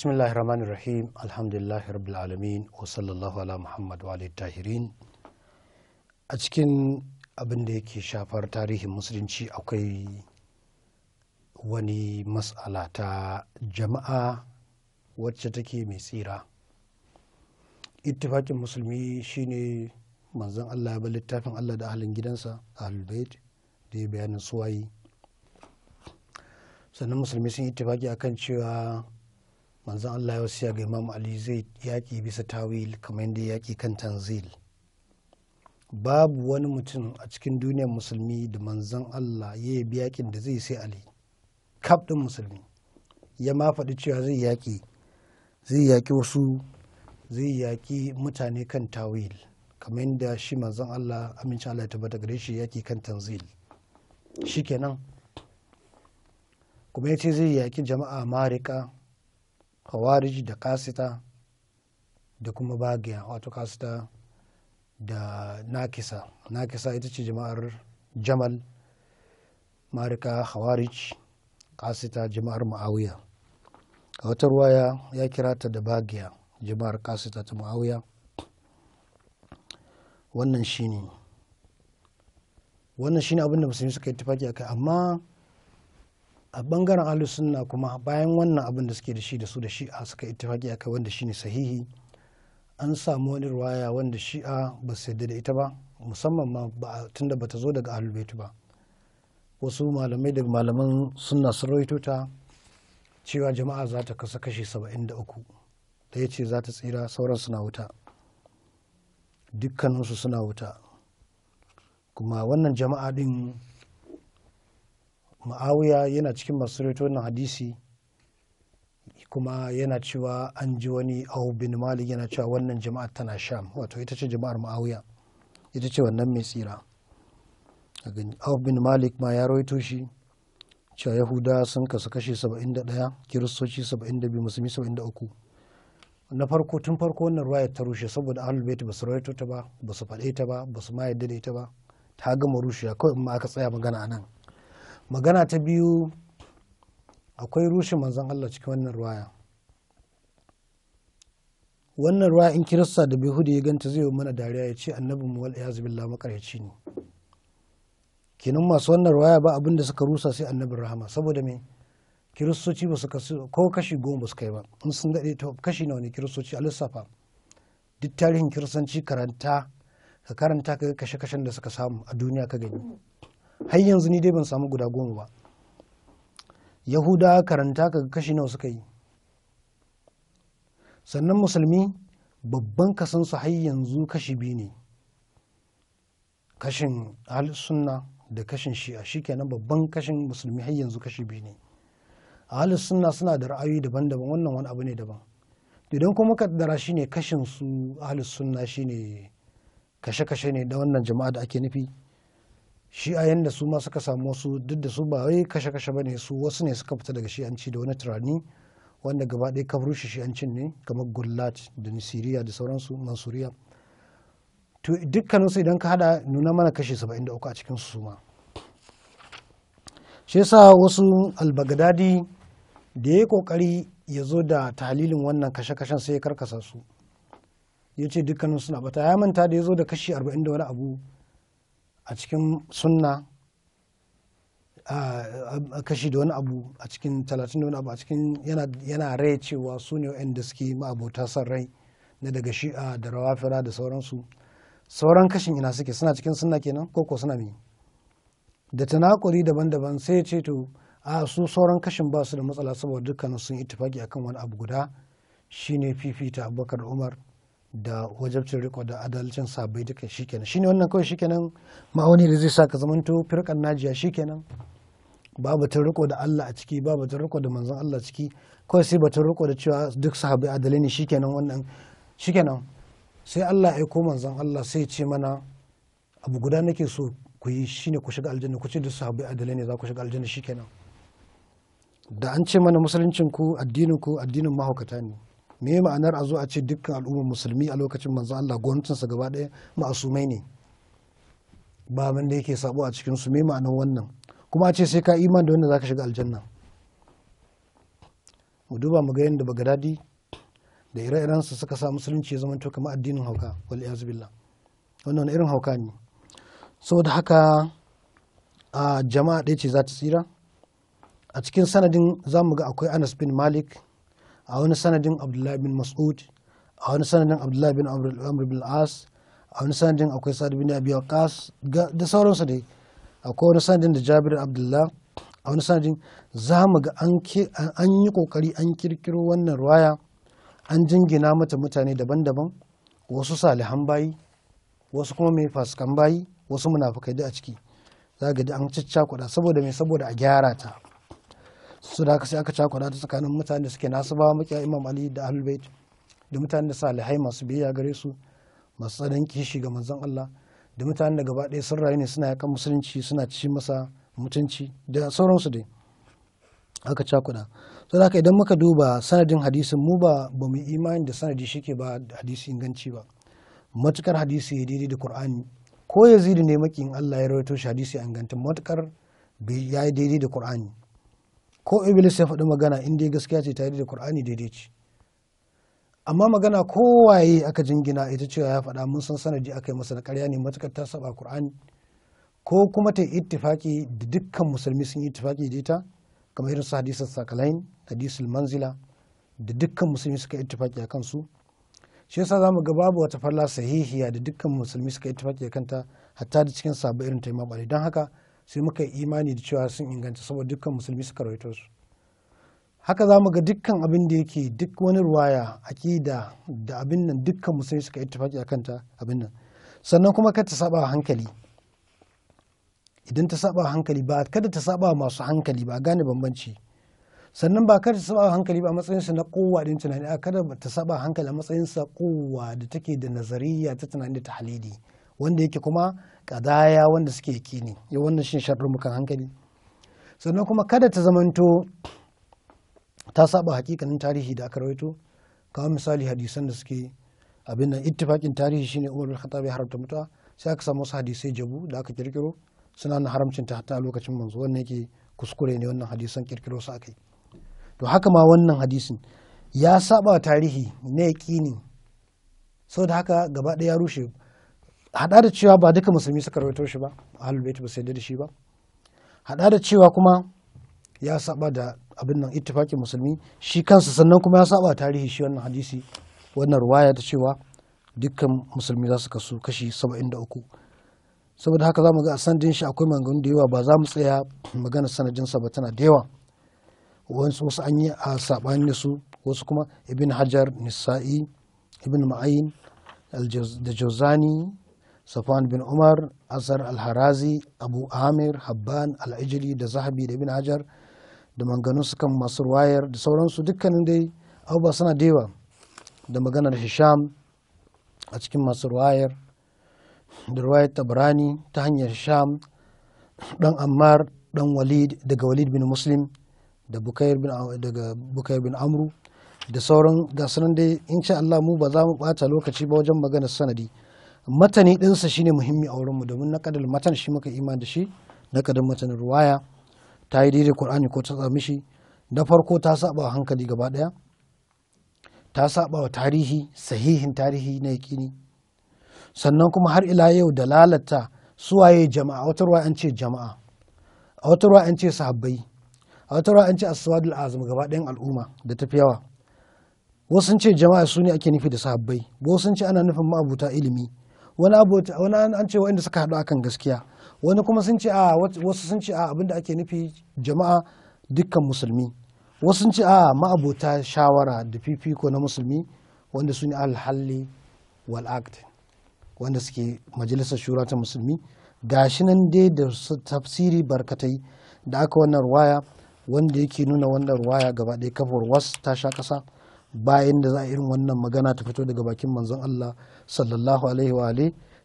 bismillahir rahmanir rahim alhamdulillahi rabbil alamin wa sallallahu ala muhammad wa tahirin a cikin abin da yake shafar tarihin musulunci akwai wani matsala ta jama'a wacce take mai tsira ittifakin musulmi shine manzon allah ya littafin allah da ahalin gidansa ahlul bait da ya bayanin suwayi sannan musulmi sun ittifaki akan cewa manzon Allah ya wasu ga Imam Ali zai yaki bisa tawil kamar yadda yaki kan tanzil babu wani mutum a cikin duniyar musulmi da manzon Allah ya yi yaƙin da zai sai Ali kaf ɗin musulmi ya ma faɗi cewa zai yaki zai yaƙi wasu zai yaki mutane kan tawil kamar yadda shi manzon Allah amincin Allah ya tabbata gare shi yaki kan tanzil shi shikenan kuma ya ce zai yaki jama'a marika khawarij da kasita da kuma bagiya wato kasita da nakisa nakisa ita ce jama'ar jamal marika khawarij kasita jama'ar ma'awiya a wata ruwaya ya kira ta da bagiya jama'ar kasita ta ma'awiya wannan shine wannan shine abin musulmi suka yi tafaki kai amma a bangaren ahlus sunna kuma bayan wannan abin da suke da shi da su da shi'a suka ittifaki kai wanda shine sahihi an samu wani ruwaya wanda shi'a ba su yadda da ita ba musamman ma tunda bata zo daga ahlul ba wasu malamai daga malaman sunna sun rawaito ta cewa jama'a za ta kasa kashi 73 da ya ce za ta tsira sauran suna wuta dukkaninsu suna wuta kuma wannan jama'a din ma'awiya yana cikin masu wannan hadisi kuma yana cewa an ji wani abu bin malik yana cewa wannan jama'ar tana sham wato ita ce jama'ar ma'awiya ita ce wannan mai tsira abu bin malik ma ya rawaito shi cewa yahuda sun kasu kashe 71 kiristoci 72 musulmi 73 na farko tun farko wannan ya ta rushe saboda ahlul bait ba su rawaito ta ba ba su faɗe ta ba ba su ma yadda da ita ba ta gama rushe kawai in ma aka tsaya magana a nan magana ta biyu akwai rushe manzon Allah cikin wannan ruwaya wannan ruwa in kirista da bihudu ya ganta zai yi mana dariya ya ce annabi mu wal iyaz billah makaryaci ne kinan masu wannan ruwaya ba abin da suka rusa sai annabi rahama saboda me kiristoci ba su ko kashi goma ba su kai ba in sun daɗe to kashi nawa ne kiristoci a lissafa duk tarihin kiristanci karanta ka karanta ka kashe-kashen da suka samu a duniya ka gani har yanzu ni dai ban samu guda goma ba yahuda karanta ka kashi nawa suka yi sannan musulmi babban kasansu har yanzu kashi biyu ne kashin sunna da kashin shi'a shikenan babban kashin musulmi har yanzu kashi biyu ne ahalus sunna suna da ra'ayoyi daban-daban wannan wani abu ne daban idan kuma shi ne kashin su ahalus sunna shine kashe-kashe ne da wannan jama'a da ake nufi shi a yanda su ma suka samu wasu duk da su ba wai kashe-kashe bane su wasu ne suka fita daga shi'anci da wani turani wanda gaba ɗaya ka rushe shi'ancin ne kamar gullat da nisiriya da sauransu mansuriya to dukkaninsu idan ka hada nuna mana kashe 73 a cikin su ma shi yasa wasu albagadadi da ya yi kokari ya zo da talilin wannan kashe-kashen sai ya karkasa su ya ce dukkanin suna bata ya manta da ya zo da kashi 40 abu a cikin sunna a kashi da wani abu a cikin talatin da wani abu a cikin yana rai cewa su ne da suke ma'abota son rai na daga shi'a da rawafira da sauransu sauran kashin ina suke suna cikin sunna kenan ko ko suna me da tanakuri daban-daban sai ya ce to a su sauran kashin ba su da matsala saboda dukkanin sun yi ittifaki akan wani abu guda shine fifita abubakar umar da wajabcin riko da adalcin sabai duka shikenan shine wannan kawai shikenan ma'auni da zai sa ka zamanto firkan najiya shikenan ba batun riko da Allah a ciki ba batun riko da manzon Allah a ciki kawai sai batun riko da cewa duk sahabai adalai ne shikenan wannan shikenan sai Allah ya ko manzon Allah sai ce mana abu guda nake so ku yi shine ku shiga aljanna ku ce duk sahabai adalai ne za ku shiga aljanna shikenan da an ce mana musuluncin ku addinin ku addinin mahaukata ne me ma'anar a zo a ce dukkan al'ummar musulmi a lokacin manzo Allah gwamnatinsa gaba ɗaya ma'asumai ne ba da yake sabo a cikinsu. me ma'anar wannan kuma a ce sai ka iman da wanda zaka shiga aljanna mu duba mu ga yadda bagadadi da ire-iren su suka sa musulunci ya zama to kamar addinin hauka wal iyaz billah wannan irin hauka ne saboda haka a jama'a ɗaya ce za ta tsira a cikin sanadin za mu ga akwai Anas bin Malik a wani sanadin abdullahi bin mas'ud a wani sanadin abdullahi bin amr bin as a wani sanadin akwai sa'ad bin abi waqas da sauransu dai akwai wani sanadin da jabir abdullah a wani sanadin za mu ga an yi kokari an kirkiro wannan ruwaya an jingina mata mutane daban-daban wasu salihan bayi wasu kuma mai fasikan bayi wasu munafukai da a ciki za ga an kuɗa saboda mai saboda a gyara ta su da sai aka cakwada ta tsakanin mutane da suke nasaba makiya imam ali da ahlul bait da mutane da salihai masu biyayya gare su masu tsadan kishi ga manzon Allah da mutane da gaba ɗaya sun rayu ne suna yakan musulunci suna ci masa mutunci da sauransu dai aka cakuɗa to da idan muka duba sanadin hadisin mu ba ba mu imani da sanadi shike ba hadisi inganci ba matukar hadisi ya daidai da qur'ani ko yazidi ne makin Allah ya rawaito shi hadisi inganta matukar ya yi daidai da qur'ani ko iblis ya faɗi magana in dai gaskiya ce tare da qur'ani daidai ce amma magana kowaye aka jingina ita cewa ya faɗa mun san sanadi aka yi masa na ƙarya ne matukar ta saba qur'ani ko kuma ta ittifaki da dukkan musulmi sun yi ittifaki da ita kamar irin su hadisul sakalain hadisul manzila da dukkan musulmi suka yi ittifaki a kansu shi yasa zamu ga babu wata farla sahihiya da dukkan musulmi suka yi ittifaki a kanta hatta da cikin sabu irin ta imam don haka sai muka yi imani da cewa sun inganta saboda dukkan musulmi suka rawaito su haka za mu ga dukkan abin da yake duk wani ruwaya aƙida da abin nan dukkan musulmi suka tafaki a kanta abin nan sannan kuma kada ta saba hankali idan ta saba hankali ba kada ta saba masu hankali ba gane bambanci sannan ba kada ta saba hankali ba matsayin su na kowa din tunani a kada ta saba hankali a matsayin sa kowa da take da nazariya ta tunani da tahlili wanda yake kuma kadaya wanda suke kini ya wannan shi sharrumukan hankali sannan kuma kada ta zamanto ta saba hakikanin tarihi da aka rawaito kamar misali hadisan da suke abin nan ittifakin tarihi shine Umar bin Khattab ya haramta mutuwa sai aka samu wasu hadisai jabu da aka kirkiro suna na haramcin ta hatta lokacin manzo wannan yake kuskure ne wannan hadisan kirkiro su akai to haka ma wannan hadisin ya saba tarihi na yaƙini sau da haka gaba ɗaya ya rushe hada da cewa ba duka musulmi suka rawaito shi ba a bait ba sai da shi ba hada da cewa kuma ya saba da abin nan itifakin musulmi shi kansa sannan kuma ya saba tarihi shi wannan hadisi wannan ruwaya ta cewa dukkan musulmi za su kasu kashi saba'in 73 saboda haka za mu ga a sanadin shi akwai maganganu da yawa ba za mu tsaya magana sanadinsa ba tana da yawa wasu wasu an yi a saɓani da su wasu kuma ibn hajar nisa'i ibn ma'ayin da jozani safwan bin umar asar alharazi abu amir habban al'ijili da zahabi da bin hajar da su kan masu ruwayar da sauransu dukkanin dai abubuwa suna dewa da maganar hisham a cikin masu ruwayar da ruwayar tabrani ta hanyar hisham dan ammar dan walid daga walid bin muslim da bukayar bin daga bukayar bin amru da sauran gasunan dai in Allah mu ba za mu bata lokaci ba wajen maganar sanadi matani ɗinsa shine muhimmi a wurinmu domin na naƙadar matan shi muka iman da shi na naƙadar matan ruwaya ta yi daidai qur'ani ko ta tsami shi na farko ta saba wa hankali gaba ɗaya ta saba wa tarihi sahihin tarihi na yaƙini sannan kuma har ila yau da lalata suwaye jama'a wata ruwa an ce jama'a a wata ruwa an ce sahabbai a wata ruwa an ce aswadul azam gaba ɗayan al'umma da tafi yawa wasu sun ce jama'a su ne ake nufi da sahabbai wasu sun ce ana nufin ma'abuta ilimi wani abota wani an ce wa'anda suka haɗu akan gaskiya wani kuma sun ce a wasu sun ce a abinda ake nufi jama'a dukkan musulmi wasu sun ce a ma'abota shawara da fifiko na musulmi wanda su ne alhalli wal act wanda suke majalisar shura ta musulmi gashi nan dai da tafsiri barkatai da aka wannan ruwaya wanda yake nuna wannan ruwaya gaba ɗaya kafar wasu ta sha ƙasa bayan da za a irin wannan magana ta fito daga bakin manzon Allah sallallahu alaihi wa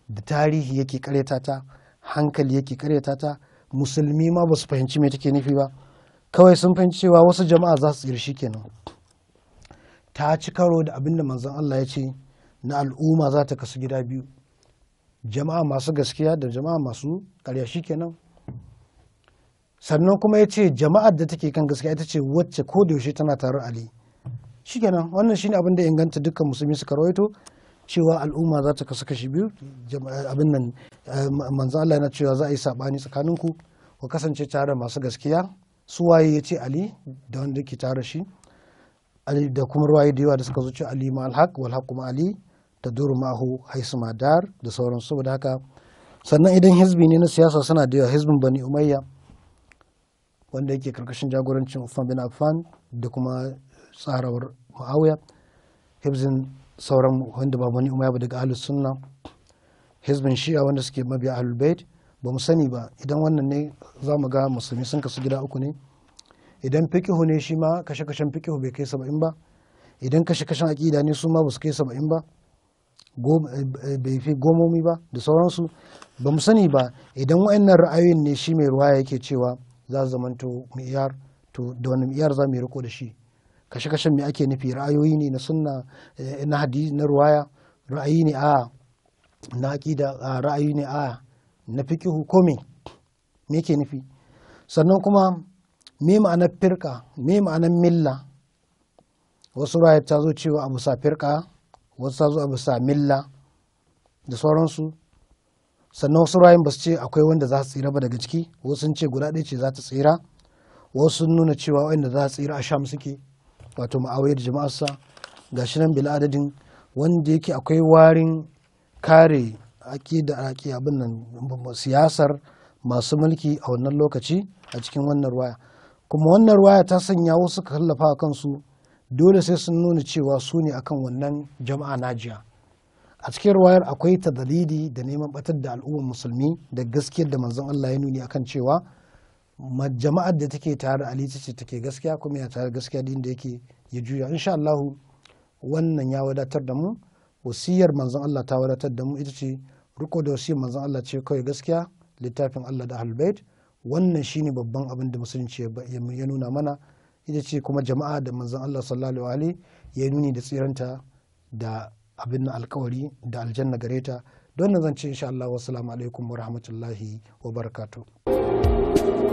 da tarihi yake kareta ta hankali yake kareta ta musulmi ma ba su fahimci me take nufi ba kawai sun fahimci cewa wasu jama'a za su girshi kenan ta ci karo da abin da manzon Allah ya ce na al'umma za ta kasu gida biyu jama'a masu gaskiya da jama'a masu karya shi kenan sannan kuma ya ce jama'ar da take kan gaskiya ita ce wacce ko da yaushe tana tare ali shikenan wannan shine abin da inganta dukkan musulmi suka rawaito cewa al'umma za ta kasu kashi biyu abin nan eh, manzo Allah yana cewa za a yi sabani tsakanin ku ku kasance tare masu gaskiya su waye ya ce Ali da wanda ke tare shi da kuma ruwaye da yawa da suka zuci Ali ma alhaq wal haqu ma Ali da duru hu haisu dar da sauran saboda haka sannan idan hizbi ne na siyasa suna da yawa hizbin bani umayya wanda yake karkashin jagorancin Uthman bin Affan da kuma tsarawar ma'auya hibzin sauran wanda ba bani umayya ba daga ahlus sunna hizbin shi'a wanda suke mabiya ahlul bayt ba mu sani ba idan wannan ne za mu ga musulmi sun kasu gida uku ne idan fikihu ne shi ma kashe-kashen fikihu bai kai saba'in ba idan kashe-kashen aqida ne su ma ba su kai saba'in ba eh, bai fi gomomi ba da sauransu ba mu sani ba idan wa'annan ra'ayoyin ne shi mai ruwa yake cewa za zamanto miyar to da wani miyar za mu riko da shi kashe-kashen me ake nufi ra'ayoyi ne na sunna eh, na hadisi na ruwaya ra'ayi ne a na aqida ra'ayi ne a na fiqhu ko me me nufi sannan kuma me ma'anar firka me ma'anar milla wasu ra'ayi ta zo cewa abu sa firka wasu ta zo abu sa milla da sauransu sannan wasu ra'ayi ba su ce akwai wanda za su tsira ba daga ciki wasu sun ce guda ɗaya ce za ta tsira wasu sun nuna cewa wanda za su tsira a sham suke wato ma'awiyar jama'arsa ga shi nan bil adadin wanda yake akwai warin kare ake da ake abin nan siyasar masu mulki a wannan lokaci a cikin wannan ruwaya kuma wannan ruwaya ta sanya wasu ka a kansu dole sai sun nuna cewa su ne akan wannan jama'a najiya a cikin ruwayar akwai ta dalili da neman batar da al'ummar musulmi da gaskiyar da manzon Allah ya nuni akan cewa jama'ar da take tare ali ce take gaskiya kuma ya tare gaskiya din da yake ya juya insha Allah wannan ya wadatar da mu wasiyar manzon Allah ta wadatar da mu ita ce riko da wasiyar manzon Allah ce kawai gaskiya littafin Allah da halbait wannan shine babban abin da musulunci ya nuna mana ita ce kuma jama'a da manzon Allah sallallahu alaihi ya nuni da tsiranta da abin na alkawari da aljanna gare ta don nan zan ce insha Allah wassalamu alaikum wa rahmatullahi wa barakatuh